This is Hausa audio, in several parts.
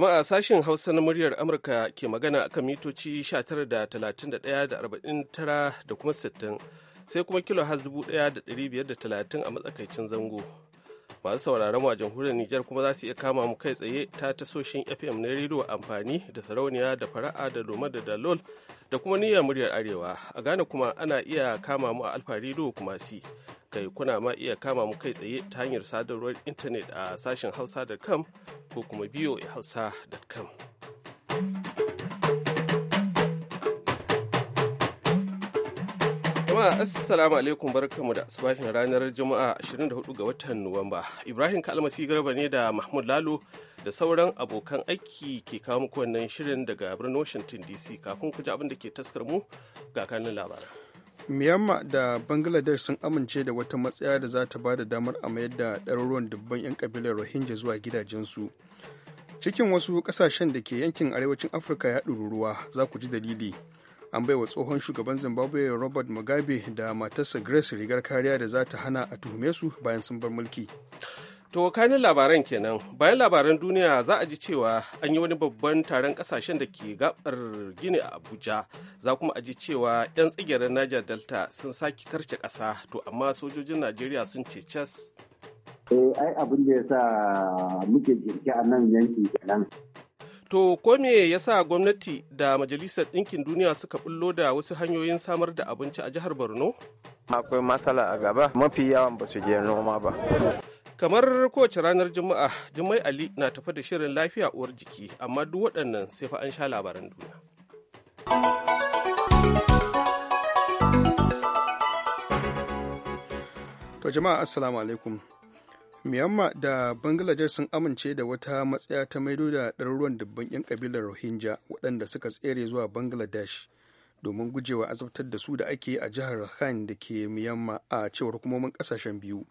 Jama'a sashen Hausa na muryar Amurka ke magana kan mitoci 19 da kuma 60 sai kuma kilo has 1530 a matsakaicin zango. Masu sauraron a jamhuriyar Nijar kuma za su iya kama mu kai tsaye ta tasoshin FM na rediyo amfani da sarauniya da fara'a da loma da dalol da kuma niyyar muryar arewa a ghana kuma ana iya kama mu a alfa rediyo kuma si kai kuna ma iya kama mu kai tsaye ta hanyar sadarwar intanet a sashen hausa.com ko kuma biyo hausa.com assalamu alaikum barkamu da asubahin ranar juma'a 24 ga watan nuwamba ibrahim kalmasi garba ne da mahmud lalo da sauran abokan aiki ke kawo muku wannan shirin daga birnin Washington DC kafin ku ji abin da ke taskar mu ga kanin labaran. Myanmar da Bangladesh sun amince da wata matsaya da za ta ba da damar a mayar da ɗaruruwan dubban 'yan kabilar Rohingya zuwa gidajensu. Cikin wasu ƙasashen da ke yankin arewacin Afirka ya ɗururuwa za ku ji dalili. An baiwa tsohon shugaban Zimbabwe Robert Mugabe da matarsa Grace rigar kariya da za ta hana a tuhume su bayan sun bar mulki. To kanin labaran kenan bayan labaran duniya za a ji cewa an yi wani babban taron kasashen da ke gabar gini a Abuja za kuma a ji cewa 'yan tsigirin Niger Delta sun sake karce kasa to amma sojojin Najeriya sun ce chess. Eh ai abin da ya sa muke jirki a nan yankin kenan. To ko me ya sa gwamnati da Majalisar Ɗinkin Duniya suka bullo da wasu hanyoyin samar da abinci a jihar Borno? Akwai matsala a gaba mafi yawan ba su je noma ba. kamar kowace ranar juma'a jumai ali na tafi da shirin lafiya uwar jiki amma duk waɗannan sai fa an sha labaran duniya to jama'a assalamu alaikum myanmar da bangladesh sun amince da wata matsaya ta maido da ɗaruruwan dubban 'yan kabilar rohingya waɗanda suka tsere zuwa bangladesh domin gujewa azabtar da su da ake a jihar rakhine da ke myanmar a cewar hukumomin ƙasashen biyu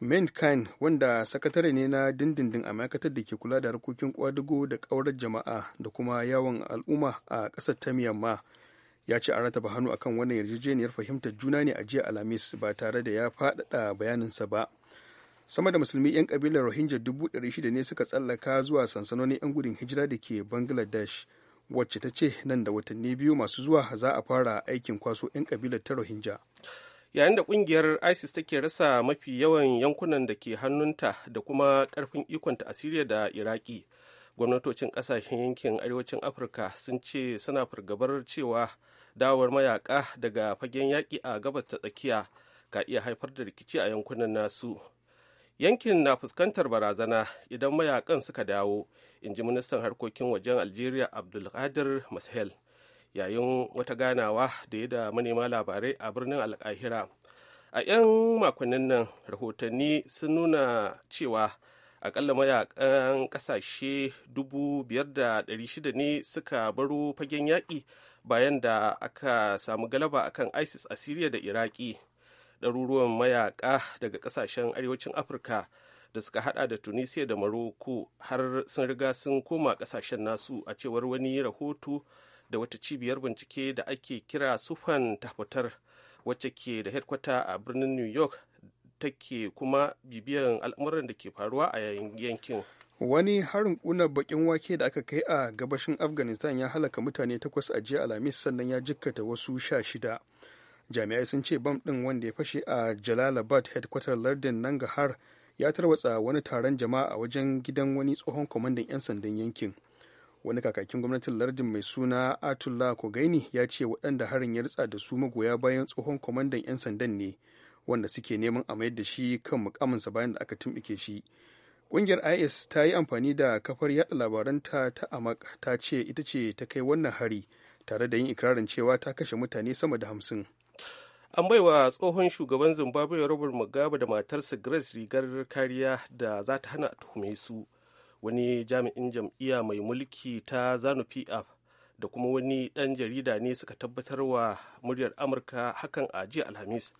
Mint kain wanda sakatare ne na dindindin a ma'aikatar da ke kula da harkokin kwadugo da ƙaurar jama'a da kuma yawon al'umma a ƙasar ta Myanmar ya ce an rataba hannu akan wannan yarjejeniyar fahimtar juna ne a jiya Alhamis ba tare da ya faɗaɗa bayaninsa ba. Sama da musulmi 'yan kabilar Rohingya dubu ɗari shida ne suka tsallaka zuwa sansanonin 'yan gudun hijira da ke Bangladesh wacce ta ce nan da watanni biyu masu zuwa za a fara aikin kwaso 'yan kabilar ta Rohingya. yayin da kungiyar isis take rasa mafi yawan yankunan da ke hannunta da kuma karfin ikonta a siriya da iraki gwamnatocin kasashen yankin arewacin afirka sun ce suna fargabar cewa dawar mayaka daga fagen yaƙi a gabas ta tsakiya ka iya haifar da rikici a yankunan nasu yankin na fuskantar barazana idan mayakan suka dawo in ji ministan harkokin wajen algeria abdulkadir mashel yayin wata ganawa da ya da manema labarai a birnin alkahira a 'yan makonnin nan rahotanni sun nuna cewa akalla mayakan kasashe 5,600 ne suka baro fagen yaƙi bayan da aka samu galaba a kan isis a siriya da iraki ɗaruruwan mayaka daga ƙasashen arewacin afirka da suka hada da tunisia da maroko har sun riga sun koma ƙasashen nasu a cewar wani rahoto da wata cibiyar bincike da ake kira sufan tafatar wacce ke da headkwata a birnin new york take kuma bibiyar al'amuran da ke faruwa a yankin wani harin kuna bakin wake da aka kai a gabashin afghanistan ya halaka mutane takwas a jiya alhamis sannan ya jikkata wasu sha shida jami'ai sun ce bam ɗin wanda ya fashe a jalalabad headquarter lardin har ya tarwatsa wani taron jama'a a wajen gidan wani tsohon kwamandan 'yan sandan yankin wani kakakin gwamnatin lardin mai suna atullah kogaini ya ce waɗanda harin ya ritsa da su magoya bayan tsohon kwamandan 'yan sandan ne wanda suke neman a mayar da shi kan mukaminsa bayan da aka tumɓuke shi ƙungiyar is ta yi amfani da kafar yada labaranta ta amak ta ce ita ce ta kai wannan hari tare da yin ikirarin cewa ta kashe mutane sama da hamsin an baiwa tsohon shugaban zimbabwe robert mugabe da matarsa grace rigar kariya da za ta hana tuhume su wani jami'in jam'iyya mai mulki ta zanu pf da kuma wani ɗan jarida ne suka tabbatar wa muryar amurka hakan a jiya alhamis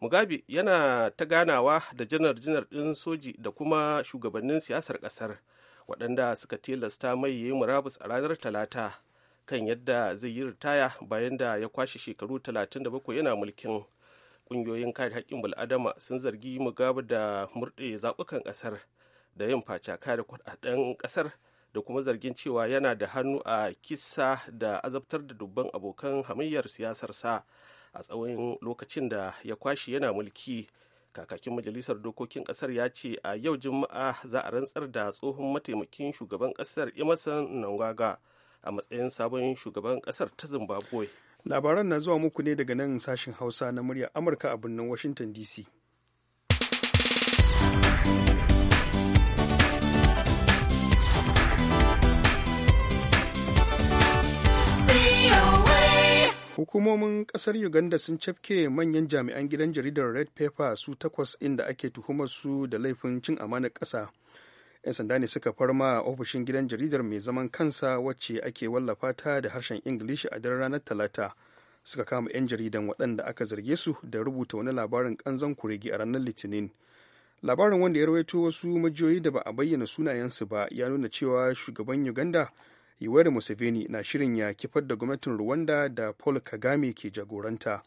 mugabe yana ta ganawa da janar janar ɗin soji da kuma shugabannin siyasar ƙasar waɗanda suka tilasta mai yi murabus a ranar talata kan yadda zai yi ritaya bayan da ya kwashe shekaru 37 yana mulkin ƙungiyoyin kare haƙƙin bal'adama sun zargi mugabe da murɗe zaɓukan ƙasar da yin facaka da kudaden kasar da kuma zargin cewa yana da hannu a kisa da azabtar da dubban abokan hamayyar siyasarsa a tsawon lokacin da ya kwashi yana mulki kakakin majalisar dokokin kasar ya ce a yau juma'a za a rantsar da tsohon mataimakin shugaban kasar emerson nangwaga a matsayin sabon shugaban kasar ta zimbabwe labaran na zuwa muku ne daga nan sashen hausa na murya amurka a birnin washington dc hukumomin kasar uganda sun cafke manyan jami'an gidan jaridar red paper su takwas inda ake tuhumar su da laifin cin amanar ƙasa 'yan sanda ne suka farma a ofishin gidan jaridar mai zaman kansa wacce ake wallafa ta da harshen ingilishi a daren ranar talata suka kama 'yan jaridan waɗanda aka zarge su da rubuta wani labarin kanzan kuregi a ranar litinin labarin wanda ya rawaito wasu majiyoyi da ba a bayyana sunayensu ba ya nuna cewa shugaban uganda Yoweri Museveni na shirin ya kifar da gwamnatin Rwanda da Paul Kagame ke jagoranta.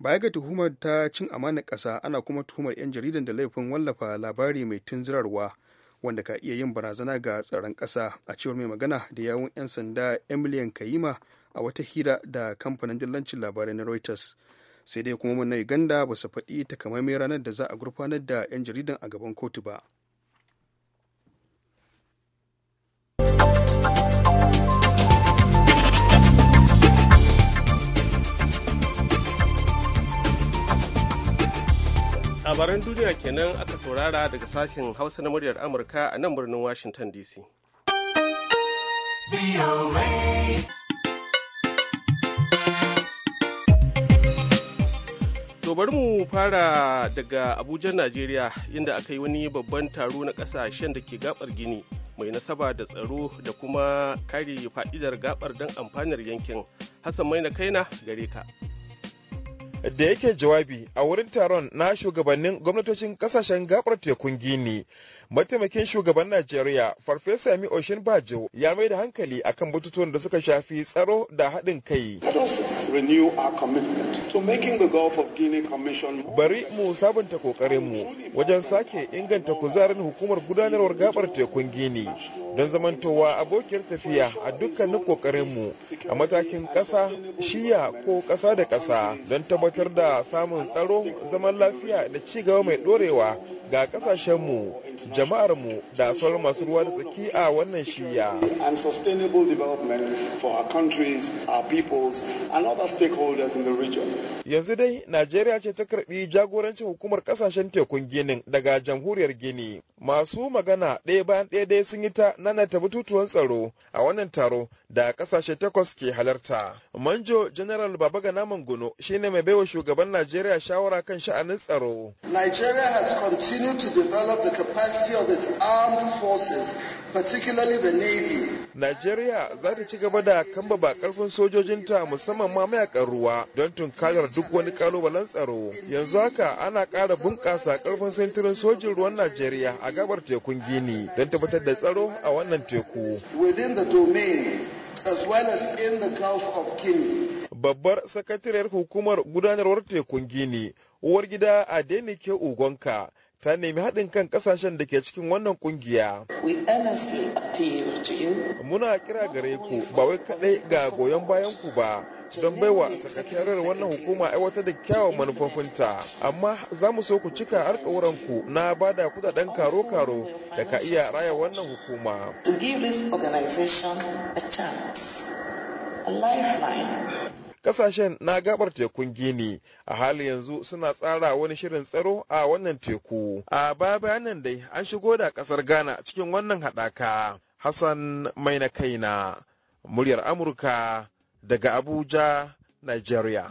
Baya ga tuhumar ta cin amanar ƙasa ana kuma tuhumar 'yan jaridan da laifin wallafa labari mai tunzirarwa wanda ka iya yin barazana ga tsaron ƙasa a cewar mai magana da yawun 'yan sanda Emilian Kayima a wata hira da kamfanin dillancin labarai na Reuters. Sai dai kuma na Uganda ba su faɗi takamaiman ranar da za a gurfanar da 'yan jaridan a gaban kotu ba. labaran duniya kenan aka saurara daga sashen hausa na muryar amurka a nan birnin washington dc zobar mu fara daga Abuja, Najeriya, inda aka yi wani babban taro na ƙasashen da ke gabar gini mai nasaba da tsaro da kuma kare fa'idar gabar don amfanar yankin. Hassan mai kai Kaina gare ka. da yake jawabi a wurin taron na shugabannin gwamnatocin kasashen gabar tekun gini mataimakin shugaban najeriya farfesa mi oshin bajo ya mai da hankali akan bututun da suka shafi tsaro da haɗin kai renew our commitment to Bari mu sabunta kokarinmu wajen sake inganta kuzarin hukumar gudanarwar gabar tekun gini don zamantowa abokiyar tafiya a dukkanin kokarinmu a matakin ƙasa, shiya ko ƙasa da ƙasa don tabbatar da samun tsaro, zaman lafiya da cigaba mai ɗorewa ga ƙasashenmu Jama'ar mu da sauran masu ruwa da tsaki a wannan shiya. Yanzu dai Najeriya ce ta karbi jagorancin hukumar kasashen tekun ginin daga jamhuriyar Gini. Masu magana ɗaya bayan ɗaya dai sun yi ta nana ta bututuwan tsaro a wannan taro da kasashe takwas ke halarta. Manjo General Babagana Mangono shine mai baiwa shugaban Najeriya shawara kan sha'anin tsaro. Nigeria has continued to develop the capacity capacity of its armed forces, particularly the Navy. Najeriya za ta ci gaba da kambaba karfin sojojinta musamman ma mayakan ruwa don tunkarar duk wani kalubalen tsaro. Yanzu haka ana ƙara bunƙasa karfin sintirin sojin ruwan Najeriya a gabar tekun Gini don tabbatar da tsaro a wannan teku. Within the domain as well as in the Gulf of Guinea. Babbar sakatariyar hukumar gudanarwar tekun Gini, uwar gida ke Ugonka, ta nemi haɗin kan ƙasashen da ke cikin wannan ƙungiya. Muna kira gare ku ba wai kaɗai ga goyon bayan ku ba don baiwa sakatariyar wannan hukuma aiwatar da kyawun manufofinta amma za mu so ku cika alkawuran ku na da kudaden karo-karo da ka iya raya wannan hukuma. To give this organization a chance, a lifeline. kasashen na gabar tekun gini a halin yanzu suna tsara wani shirin tsaro a wannan teku a baya bayanan dai an shigo da kasar ghana cikin wannan haɗaka hassan mai na kai na, muryar amurka daga abuja nigeria oh,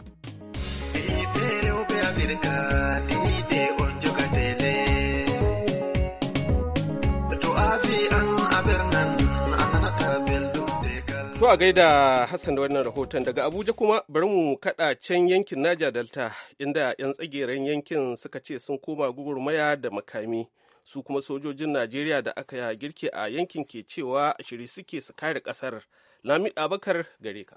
a gaida Hassan da wannan rahoton daga Abuja kuma bari mu kaɗa can yankin Naja Delta inda 'yan tsageren yankin suka ce sun koma gugurmaya da makami. Su kuma sojojin Najeriya da aka girke a yankin ke cewa shiri suke su kare kasar Lami Abakar gare ka.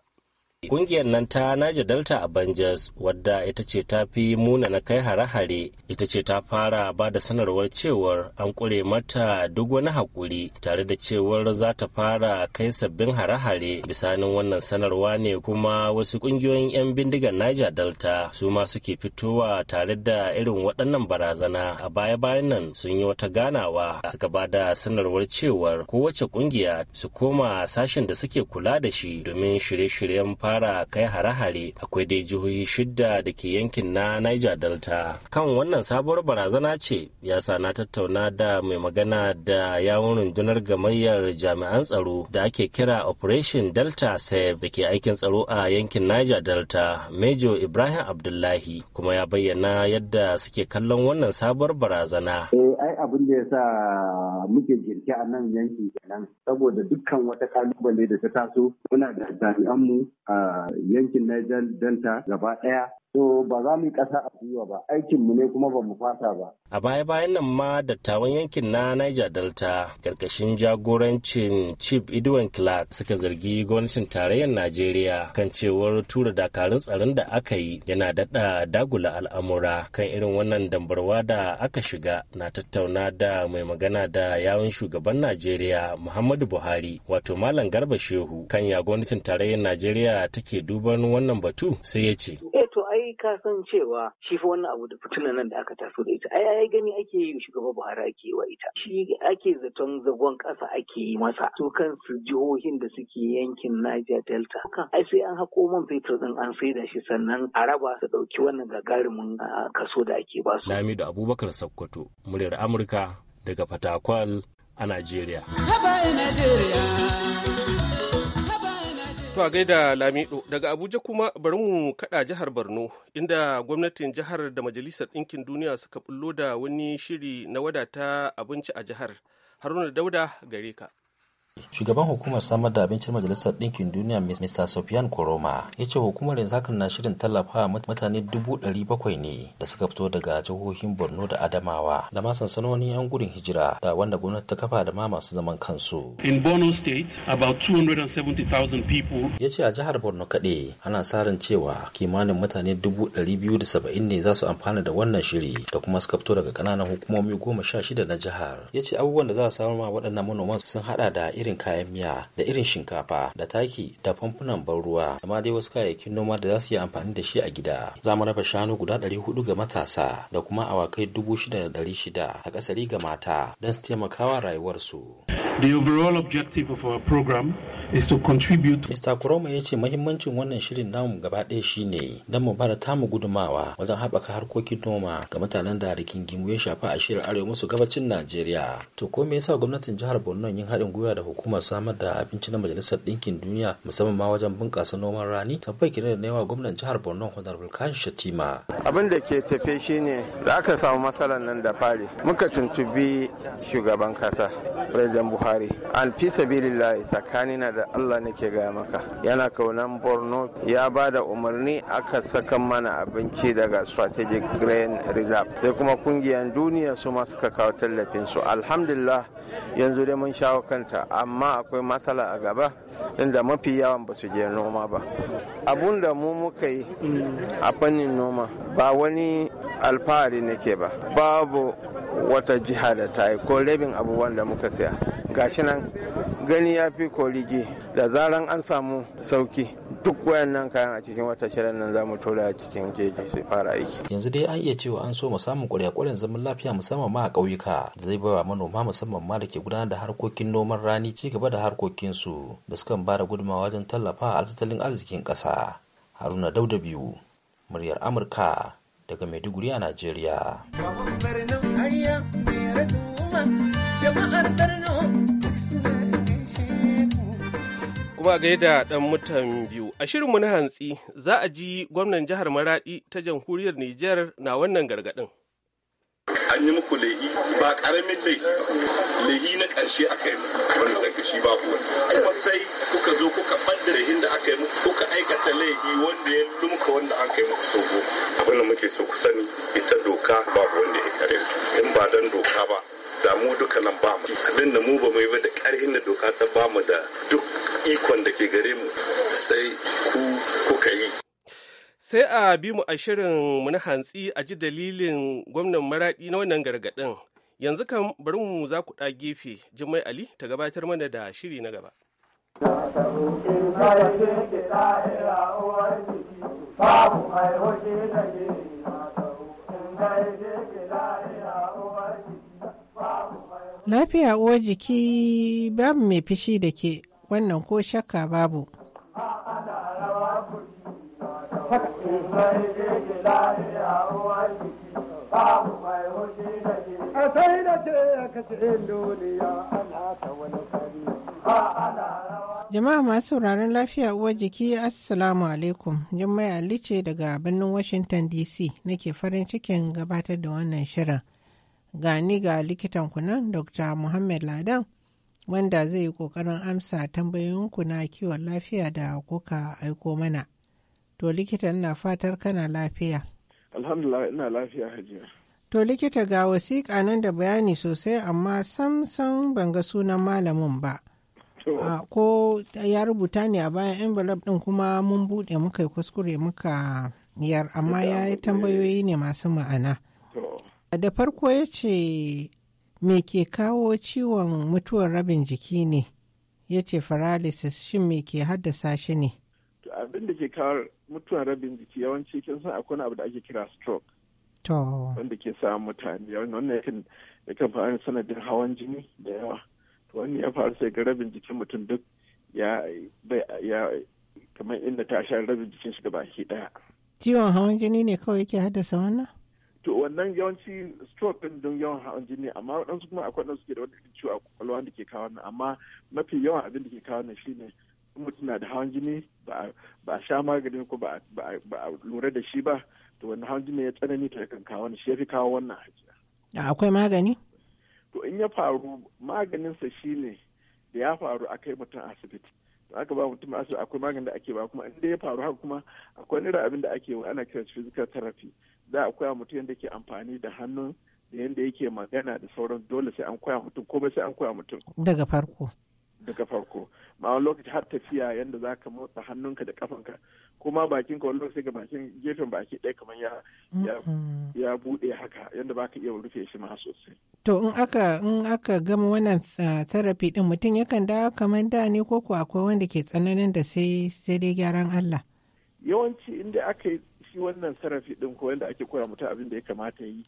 Kungiyar nan ta Naja Delta Avengers wadda ita ce ta fi munana kai hare-hare ita ce ta fara ba da sanarwar cewar an kure mata duk wani hakuri tare da cewar za ta fara kai sabbin hare-hare bisanin wannan sanarwa ne kuma wasu kungiyoyin 'yan bindigar Niger Delta su ma suke fitowa tare da irin waɗannan barazana a baya-bayan nan sun yi wata ganawa suka ba da sanarwar cewar kowace kungiya su koma sashen da suke kula da shi domin shirye-shiryen fara fara kai hare-hare akwai dai jihohi shidda da ke yankin na niger delta kan wannan sabuwar barazana ce ya sa na tattauna da mai magana da yawon rundunar gamayyar jami'an tsaro da ake kira operation delta save da ke aikin tsaro a yankin niger delta major ibrahim abdullahi kuma ya bayyana yadda suke kallon wannan sabuwar barazana. Eh, abin da sa muke jirki a nan yankin kenan saboda dukkan wata kalubale da ta taso muna da jami'anmu a yankin Niger Delta gaba ɗaya So ba za mu yi ƙasa a gwiwa ba, aikinmu ne kuma ba mu fata ba. A baya-bayan nan ma dattawan yankin na Niger Delta, karkashin jagorancin Chief Edwin Clark suka zargi gwamnatin tarayyar Najeriya kan cewar tura dakarun tsaron da aka yi yana daɗa dagula al'amura kan irin wannan dambarwa da aka shiga na tattauna da mai magana da yawon shugaban Najeriya Muhammadu Buhari wato Malam Garba Shehu kan ya gwamnatin tarayyar Najeriya take duban wannan batu sai ya ce. to ai ka san cewa shi fa wannan abu da fitinan nan da aka taso da ita ai ai gani ake yi shugaba Buhari ake wa ita shi ake zaton zagon ƙasa ake yi masa su jihohin da suke yankin Niger Delta ai sai an hako man fetur din an saida shi sannan a raba su dauki wannan gagarumin kaso da ake ba su Lamido Abubakar Sokoto muryar Amurka daga Fatakwal a Najeriya Najeriya To a gaida Lamido daga Abuja kuma bari mu kada jihar Borno inda gwamnatin jihar da Majalisar Ɗinkin Duniya suka bullo da wani shiri na wadata abinci a jihar. Haruna Dauda gare ka. Shugaban hukumar samar da abincin Majalisar Ɗinkin Duniya Mr. sofian Koroma ya ce hukumar yanzu hakan na shirin tallafawa mutane dubu ɗari bakwai ne da suka fito daga jihohin Borno da Adamawa da ma sansanonin 'yan gudun hijira da wanda gwamnati ta kafa da ma masu zaman kansu. In Borno State, about 270,000 people. Ya ce a jihar Borno kaɗe, ana sa cewa kimanin mutane dubu ɗari biyu da saba'in ne za su amfana da wannan shiri da kuma suka fito daga ƙananan hukumomi goma sha shida na jihar. Ya ce abubuwan da za a samar ma waɗannan manoman sun haɗa da irin kayan miya da irin shinkafa da taki da famfunan ban ruwa da ma dai wasu kayayyakin noma da za su yi amfani da shi a gida za mu raba shanu guda ɗari hudu ga matasa da kuma awakai dubu shida da ɗari shida a ƙasari ga mata don su taimakawa rayuwarsu. The overall objective of our program is to contribute. Mr. Kuroma ya ce mahimmancin wannan shirin namu gaba ɗaya ne don mu bada tamu gudumawa wajen haɓaka harkokin noma ga mutanen da gimu ya shafa a shirin arewa musu gabacin Najeriya. To ko me yasa gwamnatin jihar Borno yin haɗin gwiwa da hukumar samar da abinci na Majalisar Ɗinkin Duniya musamman ma wajen bunƙasa noman rani? Tabbai kiran da yawa gwamnan jihar Borno Honorable Kan Shatima. Abin da ke tafe shi ne da aka samu matsalar nan da fari. Muka tuntubi shugaban kasa President Buhari. An fi sabilillahi tsakanina da Allah nake gaya maka yana kaunan borno ya ba da umarni aka saka mana abinci daga strategic grain reserve sai kuma kungiyar duniya su ma suka kawo tallafin su alhamdulillah yanzu dai mun shawo kanta amma akwai matsala a gaba inda mafi yawan ba su je noma ba abun da mu muka yi a fannin noma ba wani alfahari nake ba babu wata jiha da ta yi ko rabin abubuwan da muka siya gashi nan gani ya fi korige da zaran an samu sauki duk wayannan kayan a cikin wata shirin nan za mu tura a cikin keji su fara aiki. Yanzu dai an iya cewa an so mu samun kwarekwaren zaman lafiya musamman ma a ƙauyuka da zai baiwa manoma musamman ma da ke gudanar da harkokin noman rani ci gaba da harkokinsu da sukan ba da gudunmawa wajen tallafa a tattalin arzikin ƙasa. Haruna Dauda biyu, muryar Amurka daga Maiduguri a Najeriya. Kuma gaida ɗan mutan biyu, a shirinmu na hantsi za a ji gwamnan jihar Maraɗi ta jamhuriyar Nijar na wannan gargaɗin. an yi muku lehi ba karamin lehi lehi na karshe aka yi wani daga shi ba kuwa kuma sai kuka zo kuka ɓadda lehin da aka yi muku kuka aikata lehi wanda ya lumka wanda aka yi muku sogo abin da muke so ku sani ita doka ba wanda ya kare in ba dan doka ba da mu duka nan ba mu abin da mu ba mu yi ba da karhin da doka ta ba mu da duk ikon da ke gare mu sai ku kuka yi sai a bi mu a shirin muna hantsi a ji dalilin gwamnan maraɗi na wannan gargaɗin yanzu kan bari mu za ku ɗa gefe jimai ali ta gabatar mana da shiri na gaba lafiya uwar jiki babu mai fishi da ke wannan ko shakka babu haka a sai da ce duniya ana ta wani jama'a masu sauraron lafiya uwar jiki assalamu alaikum jummai ali ce daga birnin washington dc nake farin cikin gabatar da wannan shirin gani ga likitan kunan dr muhammad ladan wanda zai yi kokarin amsa tambayoyinku na kiwon lafiya da kuka aiko mana To likita ina fatar kana lafiya. Alhamdulillah ina lafiya hajiya. To likita ga wasiƙa nan da bayani sosai amma sam sam ban ga sunan malamin ba. Ko ya rubuta ne a bayan envelope ɗin kuma mun buɗe muka yi kuskure muka yar amma ya yi tambayoyi ne masu ma'ana. Da farko ya ce me ke kawo ciwon mutuwar rabin jiki ne? Ya ce paralysis shin me ke haddasa shi ne? abin da ke kawar mutuwar rabin jiki yawanci kin san akwai abu da ake kira stroke wanda ke sa mutane wannan kan yakan faru sanadin hawan jini da yawa to wani ya faru sai ga rabin jikin mutum duk ya ya kamar inda ta sha rabin jikin shi gaba ke daya ciwon hawan jini ne kawai yake haddasa wannan to wannan yawanci stroke din don yawan hawan jini amma waɗansu kuma akwai waɗansu ke da wani ciwo a kwakwalwa da ke kawo amma mafi yawan abin da ke kawo nan shine mutum na da hawan jini ba a sha maganin ko ba a lura da shi ba to wannan hawan jini ya tsanani to yakan kawo wani shi ya fi kawo wannan hajiya. akwai magani? to in ya faru maganinsa shine da ya faru a kai mutum asibiti to aka ba mutum asibiti akwai maganin da ake ba kuma inda ya faru haka kuma akwai irin abin da ake ana kira physical therapy za a koya mutum yadda ke amfani da hannun da yadda yake magana da sauran dole sai an koya mutum komai sai an koya mutum daga farko daga farko ma wani lokaci har tafiya yadda za ka motsa hannunka da kafanka kuma bakin ka wani lokaci ga bakin gefen baki ɗaya kamar ya ya mm-hmm. buɗe haka yadda ba ka iya rufe shi ma sosai. To in aka in aka gama wannan ah, therapy din mutum yakan da kamar da ne ko akwai wanda ke tsananin da sai sai dai gyaran Allah. Yawanci inda aka yi shi wannan therapy din ko yadda ake koya mutum abin da ya kamata yi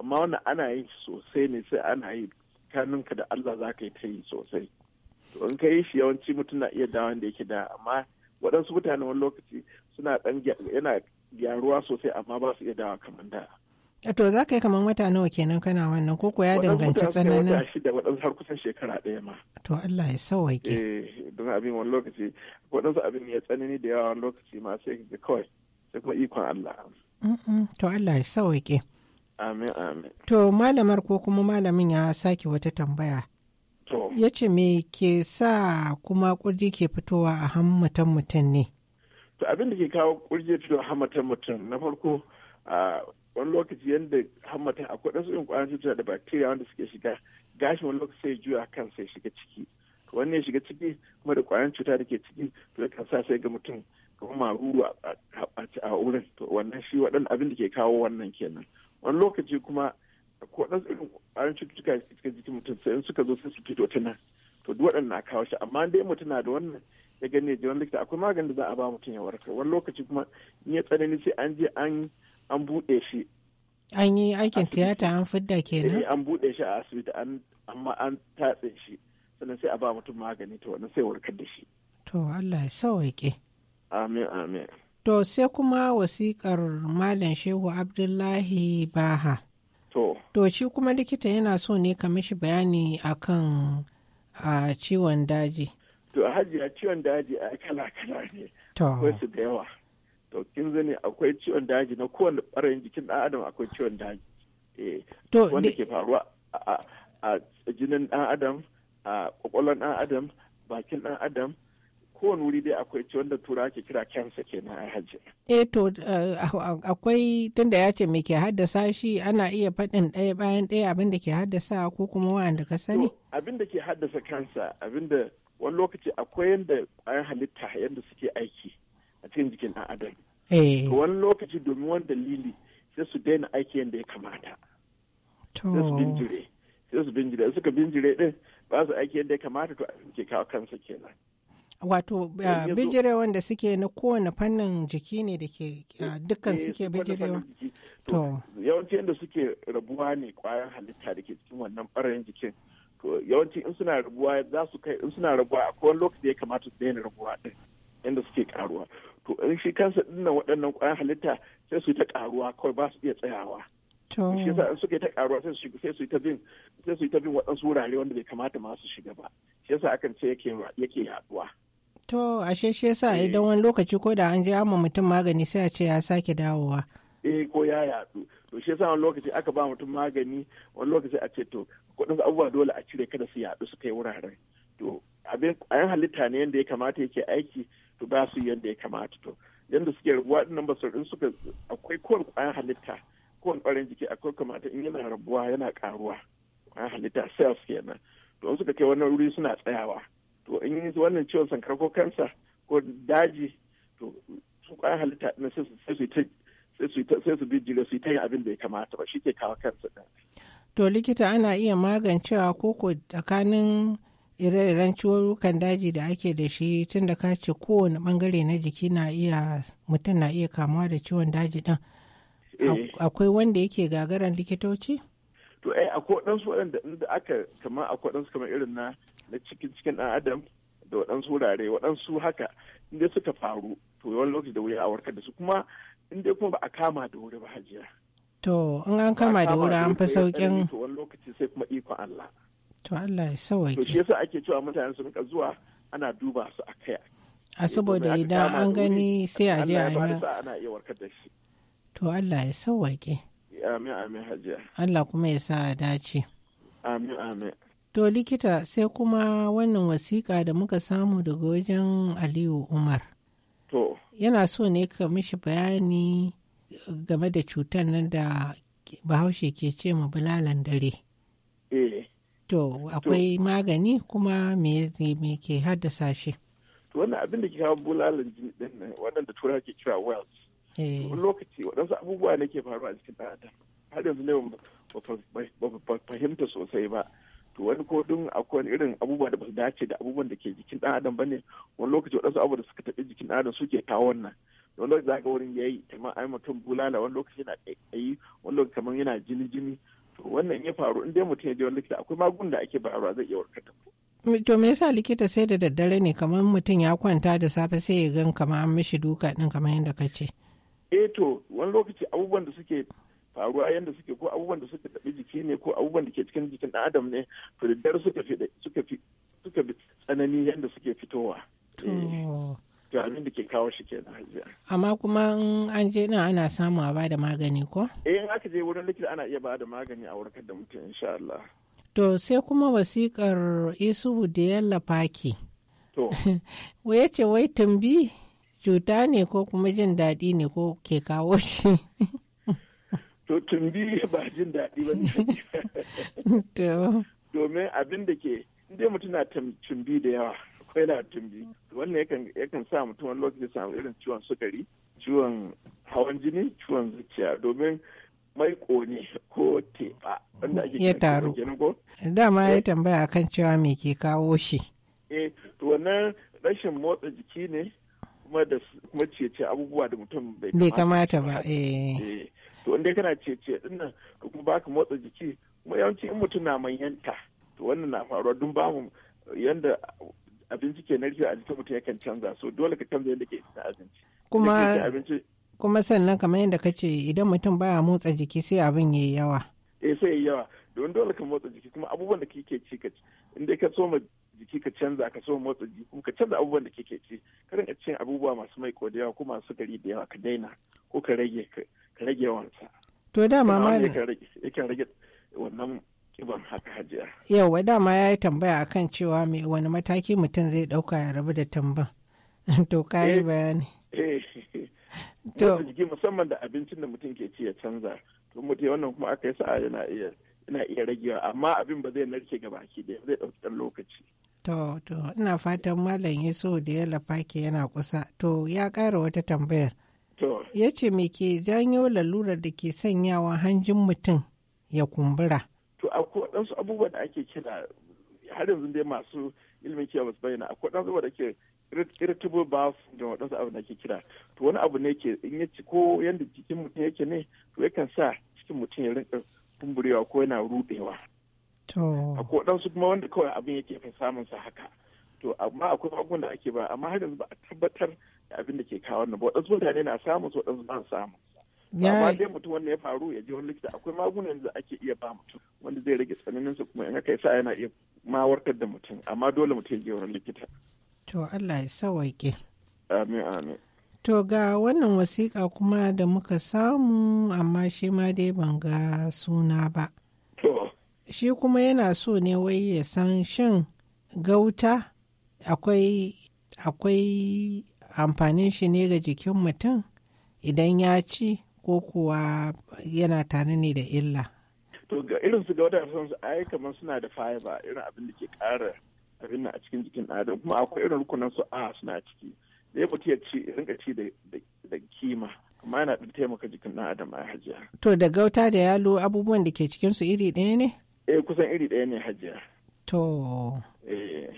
amma wannan ana yin sosai ne sai ana yi kanunka da Allah za ka yi ta yi sosai. to in ka yi shi yawanci mutum na iya dawa da yake da amma waɗansu mutane wani lokaci suna ɗan yana gyaruwa sosai amma ba su iya dawa kamar da. Eh, to za ka yi kamar wata nawa kenan kana wannan ko ko ya danganci tsananin waɗansu shida waɗansu har kusan shekara ɗaya ma. to Allah ya ke. eh don abin wani lokaci waɗansu abin ya tsanani da yawa wani lokaci ma sai ka kawai sai kuma ikon Allah. to Allah ya ke. amin amin. to malamar ko kuma malamin ya sake wata tambaya. Ya ce me ke sa kuma kurji ke fitowa a hammatan mutum ne? To abin da ke kawo kurji fito a hammatan mutum na farko a wani lokaci yadda hammatan akwai ɗansu yin ƙwayan cuta da bakteriya wanda suke shiga gashi wani lokaci sai juya kan sai shiga ciki. Wani ya shiga ciki kuma da ƙwayan cuta da ke ciki to yakan sa sai ga mutum kuma maruru a wurin to wannan shi waɗanda abin da ke kawo wannan kenan. Wani lokaci kuma ko dan irin ƙwayoyin cututtuka cikin jikin mutum sai in suka zo sai su fito ta nan to duk waɗannan na kawo shi amma dai mutum na da wannan ya gane jiran likita akwai maganin da za a ba mutum ya warka wani lokaci kuma in ya tsanani sai an je an an buɗe shi an yi aikin tiyata an fidda kenan eh, an buɗe shi a asibiti an amma an tatse shi sannan sai a ba mutum magani to wannan sai warkar da shi to Allah ya sauke amin amin to sai kuma wasikar malam shehu abdullahi baha To. To shi kuma likita yana so ne ka mishi bayani akan a ciwon daji. To hajiya ciwon daji a kala kala ne. To. Akwai su da yawa. To kin zane akwai ciwon daji na kowane ɓarayin jikin ɗan adam akwai ciwon daji. Eh, to. Wanda ke faruwa a jinin ɗan adam a ƙwaƙwalon ɗan adam bakin ɗan adam kowane wuri dai akwai ci wanda tura ke kira kansa kenan a hajji. eh to eh, akwai tunda ya ce me ke haddasa shi ana iya faɗin ɗaya bayan ɗaya abin da ke haddasa ko kuma wa'anda ka sani. abin da ke haddasa kansa abin da wani lokaci akwai yadda ƙwayar halitta yadda suke aiki a cikin jikin ɗan adam. Eh. wani lokaci domin wani dalili sai su daina aiki yadda ya kamata. To. sai su binjire sai su binjire suka binjire din ba su aiki yadda ya kamata to ke kawo kansa kenan. wato uh, bijirewan da suke na kowane fannin jiki ne da ke uh, eh, dukkan eh, suke bijirewa to yawanci yadda suke rabuwa ne kwayan halitta da ke cikin wannan barayin jikin to yawanci in suna rabuwa za su kai in suna rabuwa a kowane lokaci ya kamata su daina rabuwa din yadda suke karuwa to in shi kansa dinnan waɗannan kwayan halitta sai su yi ta karuwa kawai ba su iya tsayawa shi yasa in suke ta karuwa sai su sai su yi ta bin sai su yi ta bin waɗansu wurare wanda bai kamata ma su shiga ba shi yasa akan ce yake yake yaduwa To, ashe shi yasa eh. idan wani lokaci ko da an je amma mutum magani sai a ce ya sake dawowa. Eh ko ya yadu. To shi yasa wani lokaci aka ba mutum magani, wani lokaci a ce to kudin abubuwa dole a cire kada su yadu su kai wuraren. To, abin yan halitta ne yadda ya kamata yake aiki to ba su yadda ya kamata to. Yadda suke rabuwa ɗin nan ba su suka akwai kowane ƙwayan halitta. kowane ɓarin jiki akwai kamata in yana rabuwa yana karuwa ƙwayan halitta cells kenan to in suka kai wani wuri suna tsayawa to in yi wannan ciwon sankara ko kansa ko daji to su kwayar halitta ɗin sai su bi sai su yi ta yin abin da ya kamata ba shi ke kawo kansa ɗin. To likita ana iya magancewa ko tsakanin ire-iren ciwurukan daji da ake da shi tun da ka kowane bangare na jiki na iya mutum na iya kamuwa da ciwon daji ɗin. Eh. Akwai wanda yake gagaran likitoci? to ai eh, akwai waɗansu waɗanda inda aka kamar akwai waɗansu kamar irin na na cikin cikin ɗan adam da waɗansu wurare waɗansu haka inda suka faru to yawan lokaci da wuya a warkar da su kuma inda kuma ba a kama da wuri ba hajiya. To in an kama da wuri an fi sauƙin. To wani lokaci sai kuma ikon Allah. To Allah ya sauwaƙe. To shi yasa ake cewa mutane su rika zuwa ana duba su a kai. A eh, saboda idan an gani sai a je a shi To Allah ya sauwaƙe. amin amin hajiya Allah kuma ya sa a dace amin amin to likita sai kuma wannan wasiƙa da muka samu daga wajen Aliyu Umar to yana so ne ka mishi bayani game da cutar nan da bahaushe ke ce ma bulalan dare eh to akwai magani kuma me me ke haddasa shi to wannan abin da ke kawo bulalan jini din nan wannan da tura ke kira wells wani eh. lokaci waɗansu abubuwa ne ke faruwa a cikin ɗan adam har yanzu ne ba fahimta sosai ba to wani ko din akwai irin abubuwa da ba su dace da abubuwan da ke jikin ɗan adam ba ne wani lokaci waɗansu abubuwa da suka tafi jikin ɗan adam suke kawo wannan wani lokaci za ka wurin ya yi kamar ai mutum bulala wani lokaci yana ƙaiƙayi wani lokaci kamar yana jini jini to wannan ya faru in dai mutum ya je wani likita akwai magunguna da ake bayarwa zai iya warkar da to me yasa likita sai da daddare ne kamar mutum ya kwanta da safe sai ya gan kamar an mishi duka din kamar yadda ka ce. eto eh to wani lokaci abubuwan da suke faruwa yadda suke ko abubuwan da suke tabi jiki ne ko abubuwan da ke cikin jikin ɗan adam ne to suka fi suka fi suka bi tsanani yadda suke fitowa eh, to abin da ke kawo shi kenan hajiya amma kuma in an je nan ana samu a bada magani ko eh in aka je wurin likita ana iya bada magani a warkar da mutum insha Allah to sai kuma wasikar isu da yallafa ki to ya ce wai tambi. cuta ne ko kuma jin daɗi ne ko ke kawo shi to tumbi ba jin daɗi ba ne domin abin da ke inda mutum na tumbi da yawa akwai na tumbi wannan yakan sa mutum wani lokaci samu irin ciwon sukari ciwon hawan jini ciwon zuciya domin mai ne ko teɓa wanda ake ya taru dama ya eh. tambaya kan cewa me ke kawo shi eh to wannan rashin motsa jiki ne kuma da kuma cece abubuwa da mutum bai kamata ba eh. eh to inda kana cece din nan ka kuma baka motsa jiki kuma yawanci in mutum na manyanta to wannan na faruwa dun ba mu yanda abinci ke narke a jikin mutum yakan canza so dole ka canza yadda ke cin abinci kuma kuma sannan kamar yadda kace idan mutum baya motsa jiki sai abin yayi yawa eh sai yayi yawa don dole ka motsa jiki kuma abubuwan da kike ci ka ci in dai ka so jiki ka canza ka so motsa jiki kuma ka canza abubuwan da kike ci rinka cin abubuwa masu mai ko da ko masu gari da yawa ka daina ko ka rage ka rage yawansa to dama ma ne yakan rage wannan kiban haka hajiya yawa dama ya yi tambaya akan cewa me wani mataki mutum zai dauka ya rabu da tamban to ka yi eh, bayani eh. to jiki musamman da abincin da mutum ke ci ya canza to mutum wannan kuma aka yi sa'a yana iya yana iya ragewa amma abin ba zai narke ga baki da zai dauki dan lokaci To, to, ina fatan Malam so da ya lafaki yana kusa. To, ya ƙara wata tambayar. To. Ya ce me ke janyo lalurar da ke sanyawa hanjin mutum ya kumbura. To, akwai waɗansu abubuwa da ake kira har yanzu dai masu ilimin kiyaye basu bayyana akwai waɗansu abubuwa da ke irritable bowel syndrome waɗansu abu da ake kira. To, wani abu ne ke in ya ci ko yadda jikin mutum yake ne to yakan sa cikin mutum ya rinka kumburewa ko yana ruɗewa. dan su kuma wanda kawai abin yake fin samun sa haka to amma akwai magungunan da ake ba amma har yanzu ba a tabbatar da abin da ke kawo wannan ba waɗansu mutane na samun su waɗansu ba samu amma dai mutum wanda ya faru ya je wani likita akwai magungunan da ake iya ba mutum wanda zai rage tsananin sa kuma in aka yi sa yana iya ma warkar da mutum amma dole mutum ya je wani likita to Allah ya sawaike amin amin To ga wannan wasiƙa kuma da muka samu amma shi ma dai ban ga suna ba. shi kuma yana so ne wai ya san shin gauta akwai amfanin shi ne ga jikin mutum idan ya ci ko kuwa yana tare ne da illa to ga irin su gauta sun su ai kamar suna da fiber irin abin da ke ƙara abin a cikin jikin adam kuma akwai irin rukunan su a suna ciki zai mutu ya ci rinka ci da kima amma yana da taimaka jikin ɗan adam a hajiya to da gauta da yalo abubuwan da ke cikin su iri ɗaya ne eh kusan iri ɗaya ne hajiya to eh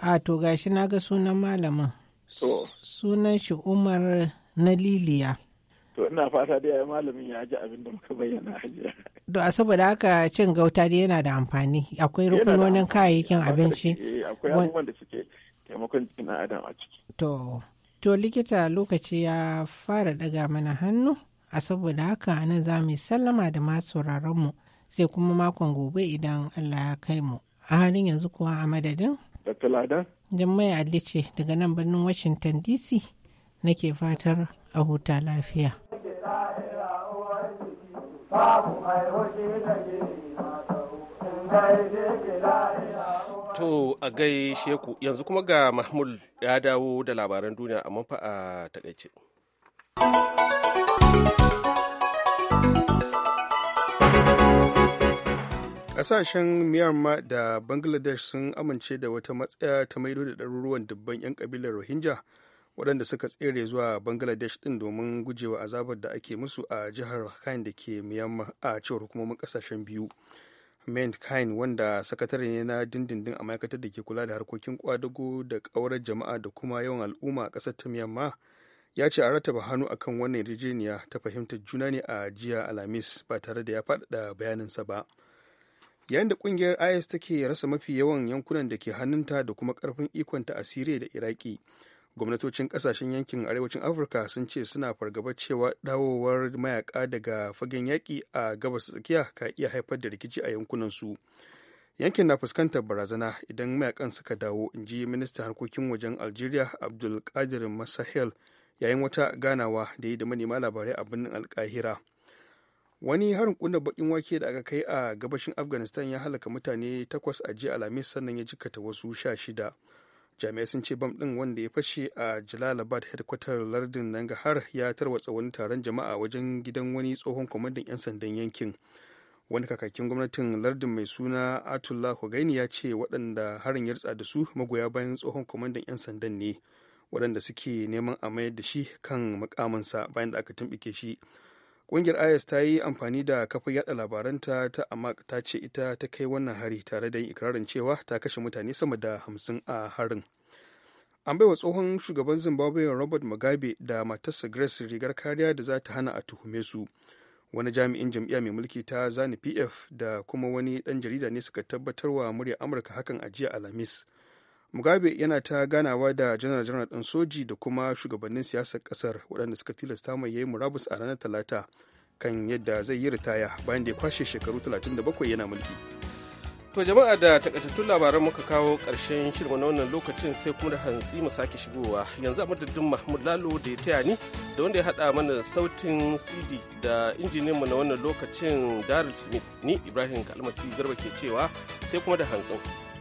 a to gashi na ga sunan malamin to sunan shi umar na liliya to ina fata da dai malamin ya ji abin da muka bayyana hajiya to a saboda haka cin gauta da yana da amfani akwai rukunonin kayayyakin abinci eh, akwai abubuwan da suke taimakon jikin adam a ciki to to likita lokaci ya fara daga mana hannu a saboda haka nan za mu yi sallama da masu mu sai kuma makon gobe idan Allah ya kai mu. A halin yanzu kuwa a madadin? Dr. Lada. Jummai daga nan birnin Washington DC nake fatar a huta lafiya. To a gai sheku yanzu kuma ga Mahmud ya dawo da labaran duniya amma fa a takaice. kasashen Myanmar da Bangladesh sun amince da wata matsaya ta maido da ɗaruruwan dubban 'yan ƙabilar Rohingya waɗanda suka tsere zuwa Bangladesh ɗin domin gujewa azabar da ake musu a jihar Rakhine da ke Myanmar a cewar hukumomin kasashen biyu. Mint Kain wanda sakatare ne na dindindin a ma'aikatar da ke kula da harkokin kwadago da ƙaurar jama'a da kuma yawan al'umma a ƙasar ta Myanmar ya ce a rataba hannu akan wannan yarjejeniya ta fahimtar juna ne a jiya Alhamis ba tare da ya faɗaɗa bayaninsa ba. yayin da kungiyar is take rasa mafi yawan yankunan da ke hannunta da kuma karfin ikonta a siriya da iraki gwamnatocin kasashen yankin arewacin afirka sun ce suna fargabar cewa dawowar mayaka daga fagen yaƙi a gabas tsakiya ka iya haifar da rikici a yankunansu yankin na fuskantar barazana idan mayakan suka dawo in ji minista harkokin wajen algeria abdulkadir masahel yayin wata ganawa da yi da manema labarai a birnin alkahira wani harin kunna bakin wake da aka kai a gabashin afghanistan ya halaka mutane takwas a jiya alhamis sannan ya jikkata wasu sha shida jami'ai sun ce bam din wanda ya fashe a jalalabad headquarter lardin nangahar ya tarwatsa wani taron jama'a wajen gidan wani tsohon kwamandan 'yan sandan yankin wani kakakin gwamnatin lardin mai suna atullah hogaini ya ce waɗanda harin ya da su magoya bayan tsohon kwamandan 'yan sandan ne waɗanda suke neman a mayar da shi kan mukaminsa bayan da aka tumbike shi ƙungiyar is ta yi amfani da kafin yada labaranta ta amma ta ce ita ta kai wannan hari tare da yin ikirarin cewa ta kashe mutane sama da hamsin a harin an baiwa tsohon shugaban zimbabwe robert mugabe da matarsa grace rigar kariya da za ta hana a tuhume su wani jami'in jam'iyya mai mulki ta zani pf da kuma wani dan jarida ne suka tabbatar wa murya amurka hakan a jiya alhamis mugabe yana ta ganawa da janar janar ɗin soji da kuma shugabannin siyasar kasar waɗanda suka tilasta mai yayi murabus a ranar talata kan yadda zai yi ritaya bayan da ya kwashe shekaru 37 yana mulki to jama'a da takaitattun labaran muka kawo ƙarshen shirin na wannan lokacin sai kuma da hantsi mu sake shigowa yanzu a madadin mahmud lalo da ya taya ni da wanda ya haɗa mana sautin cd da injinin mu na wannan lokacin daryl smith ni ibrahim kalmasi garba ke cewa sai kuma da hantsi